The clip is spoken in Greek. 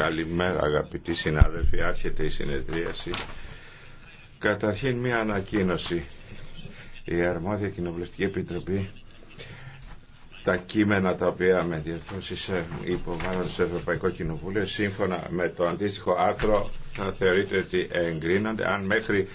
Καλημέρα αγαπητοί συνάδελφοι, άρχεται η συνεδρίαση. Καταρχήν μια ανακοίνωση. Η Αρμόδια Κοινοβουλευτική Επιτροπή τα κείμενα τα οποία με διορθώσεις ε, υποβάλλονται στο Ευρωπαϊκό Κοινοβούλιο σύμφωνα με το αντίστοιχο άρθρο θα θεωρείται ότι εγκρίνονται αν μέχρι